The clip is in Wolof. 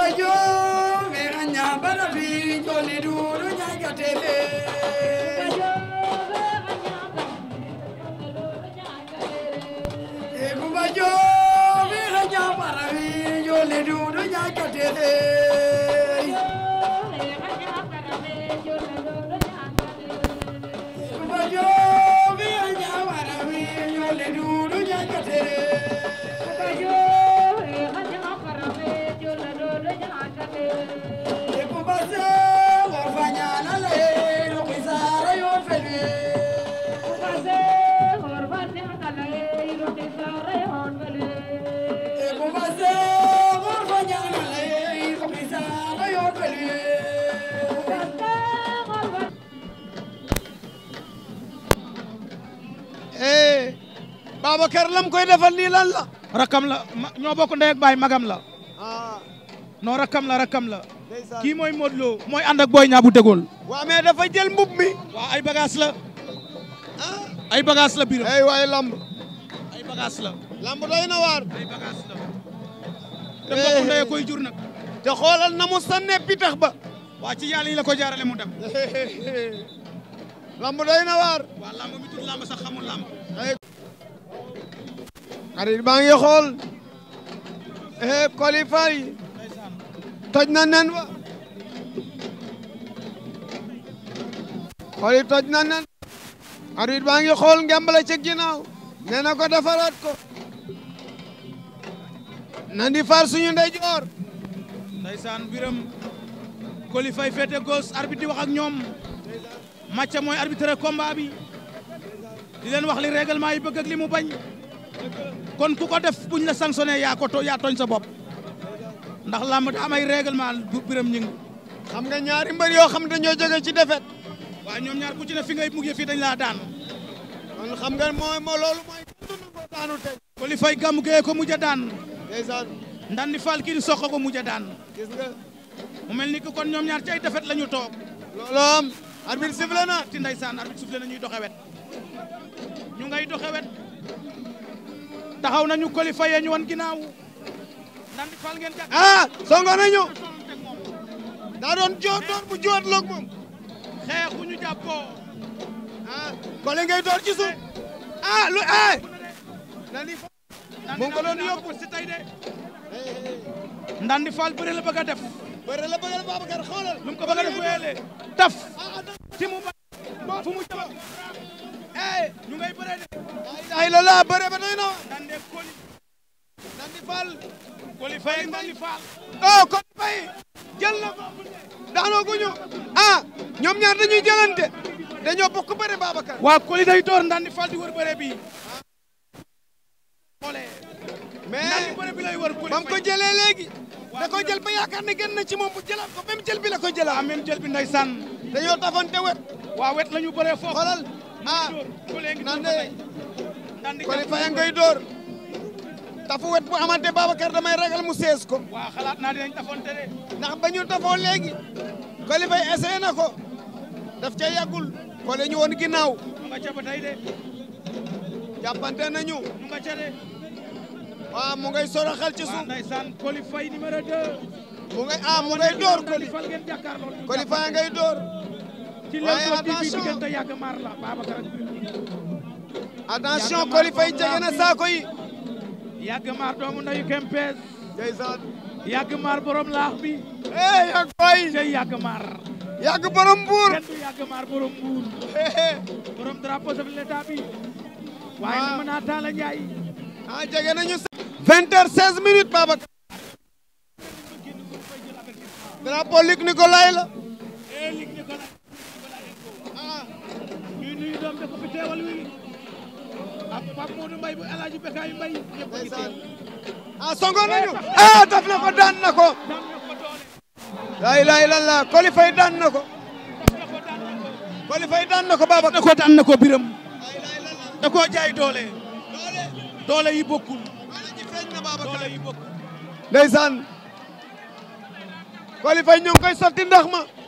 bajo vera nyabara fi jole duru nyaga tebe Ebu bajo vera nyabara fi jole duru nyaga tebe ker lam koy defal lii lan la. rakam la ñoo bokk ndey baay magam la. Ah. non rakam la rakam la. kii mooy Modou Lo mooy ànd ak Boy bu déggoon. waaw mais dafa jël mbub mi. waaw ay bagage la. Ah. ay bagage la biir. ay waay lamb. ay bagage la. lamb doy na waar. ay bagage la. te bokk ndey koy jur nag. te xoolal na mu sànnee pitax ba. waa ci yàlla yi la ko jaarale mu dem. lamb doy na waar. waa lamb mi tudd lamb sax xamul lamb. arbitre baa ngi xool eh Coly Faye na nen wa Coly toj na nen arbitre baa ngi xool ngemb la ci ginnaaw nee ko defaraat ko nan di far suñu ndeyjoor ndeysaan biram Coly Faye féete gauche di wax ñoom Mathieu mooy arbitre combat bi wax li règlement yi bëgg ak li mu bañ kon ku ko def buñ la sanctionné yaa yaa tooñ sa bopp ndax làmb daa am ay règlement bu biram ñing xam nga ñaari mbër yoo xam dañoo jóge ci defet waaye ñoom ñaar ku ci ne fi ngay mujjee fii dañ laa daan kon xam nga mooy moo loolu mooy dund ko daanu tey ko li fay gàmmu ko mujj a daan ndeysaan ndan di fal kii di soq ko mujj a daan mu mel ni que kon ñoom ñaar ci ay defet la toog loolu am arbitre sifflé na ti ndeysaan arbitre sifflé na ñuy doxewet ñu ngay doxewet taxaw nañu kolifa yee ñu wan ginnaaw ah songo nañu daa doon joor door bu joor loog moom xeexuñu jàppoo ah kole ngay door ci suuf ah lu eh Ndandi ko doon yóbbu si tey de Ndandi Fall bëre a def def Babacar ko bëgg def taf ci ah, ah, mu ba fu mu jëm eh ñu ngay bëre de ay la la bëre a doy na dande koli dandi faal koli fay dandi faal oh koli fay jël na ko daanoo guñu ah ñoom ñaar dañuy jëlante dañoo bokk bëre Babacar waa koli day door dandi faal di wër bëre bi xoolee mais bëre bi lay wër koli bam ko jëlee léegi da ko jël ba yaakaar ne gën na ci moom bu jëlaat ko même jël bi la ko jëlaat ah, même jël bi ndeysaan dañoo tafante wet waa wet lañu bëree ah nande Coly Faye a ngay door tafu wet bu amante Babacar damay ragal mu sees ko waaw xalaat naa dinañ tafonte de ndax ba ñu tafoo léegi Coly Faye essayé na ko daf ca yàggul Coly ñu woon ginnaaw nu nga ca ba tey de jàppante nañu nu nga ca de waaw mu ngay soroxal ci suuf ndeysaan Coly Faye numéro 2 mu ngay ah mu ngay door Coly Coly Faye door ci Leewtoo TV diggante yàgg maar la Babacar attention Coly Faye jege na saako yi yàgg maar doomu ndeyu Kempes borom laax bi eh yàgg fay borom buur kenn borom buur borom drapeau waaye ah. na mën a taala Njaay ah jege nañu vingt heures seize minutes Babacar drapeau Luc Nicolaï doom de ko fi teewal wi ak Pape Modou Mbaye a gisee. Ah, nañu ah daf na ko daan na ko. laa ilaaha illallaah Coly Faye daan na ko. Coly Faye daan na ko Babacar. ko daan na ko Biram. da koo jaay doole. doole yi bokkul. doole yi bokkul. ndeysaan. Coly Faye sotti ndax ma.